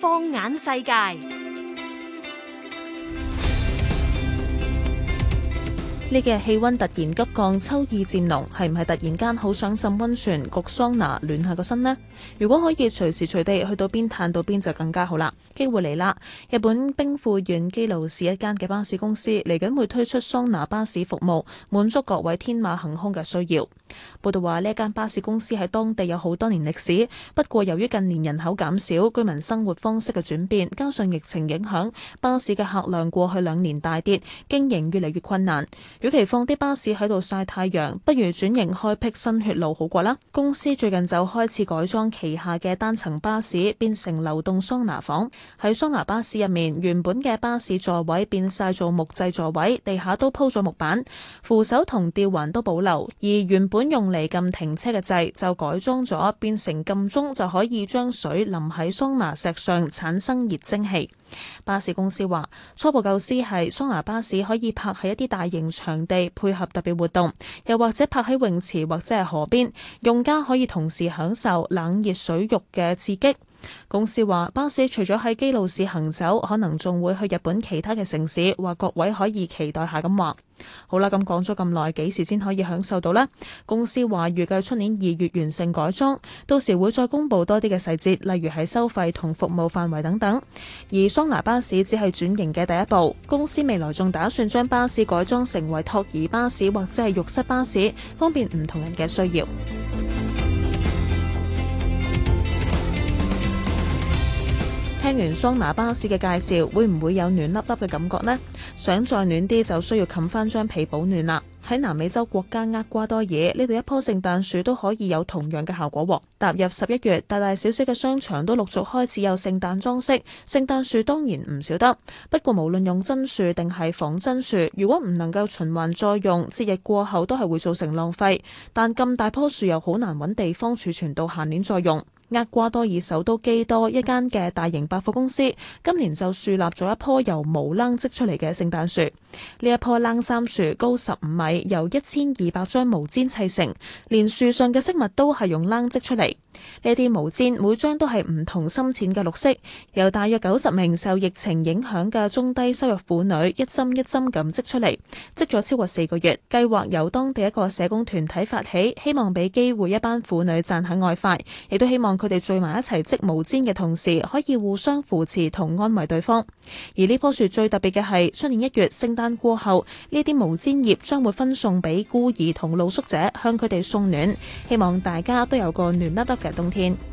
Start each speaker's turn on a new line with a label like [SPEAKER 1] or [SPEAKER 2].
[SPEAKER 1] 放眼世界。呢幾日氣温突然急降，秋意漸濃，係唔係突然間好想浸温泉、焗桑拿暖下個身呢？如果可以隨時隨地去到邊探到邊就更加好啦！機會嚟啦！日本兵庫縣姬路市一間嘅巴士公司嚟緊會推出桑拿巴士服務，滿足各位天馬行空嘅需要。報道話呢間巴士公司喺當地有好多年歷史，不過由於近年人口減少、居民生活方式嘅轉變，加上疫情影響，巴士嘅客量過去兩年大跌，經營越嚟越困難。與其放啲巴士喺度曬太陽，不如轉型開闢新血路好過啦。公司最近就開始改裝旗下嘅單層巴士，變成流動桑拿房。喺桑拿巴士入面，原本嘅巴士座位變晒做木製座位，地下都鋪咗木板，扶手同吊環都保留，而原本用嚟撳停車嘅掣就改裝咗，變成撳鐘就可以將水淋喺桑拿石上，產生熱蒸氣。巴士公司話，初步構思係桑拿巴士可以泊喺一啲大型場地配合特別活動，又或者泊喺泳池或者係河邊，用家可以同時享受冷熱水浴嘅刺激。公司話巴士除咗喺基路市行走，可能仲會去日本其他嘅城市，話各位可以期待下咁話。好啦，咁講咗咁耐，幾時先可以享受到呢？公司話預計出年二月完成改裝，到時會再公布多啲嘅細節，例如係收費同服務範圍等等。而桑拿巴士只係轉型嘅第一步，公司未來仲打算將巴士改裝成為托兒巴士或者係浴室巴士，方便唔同人嘅需要。聽完桑拿巴士嘅介紹，會唔會有暖粒粒嘅感覺呢？想再暖啲，就需要冚翻張被保暖啦。喺南美洲國家厄瓜多爾，呢度一棵聖誕樹都可以有同樣嘅效果。踏入十一月，大大小小嘅商場都陸續開始有聖誕裝飾，聖誕樹當然唔少得。不過無論用真樹定係仿真樹，如果唔能夠循環再用，節日過後都係會造成浪費。但咁大棵樹又好難揾地方儲存到下年再用。厄瓜多爾首都基多一間嘅大型百貨公司，今年就樹立咗一棵由毛冷織出嚟嘅聖誕樹。呢一棵冷杉樹高十五米，由一千二百張毛氈砌成，連樹上嘅飾物都係用冷織出嚟。呢啲毛氈每張都係唔同深淺嘅綠色，由大約九十名受疫情影響嘅中低收入婦女一針一針咁織出嚟，織咗超過四個月。計劃由當地一個社工團體發起，希望俾機會一班婦女賺下外快，亦都希望佢哋聚埋一齊織毛氈嘅同時，可以互相扶持同安慰對方。而呢棵樹最特別嘅係，出年一月聖誕過後，呢啲毛氈葉將會分送俾孤兒同露宿者，向佢哋送暖，希望大家都有個暖粒粒嘅冬天。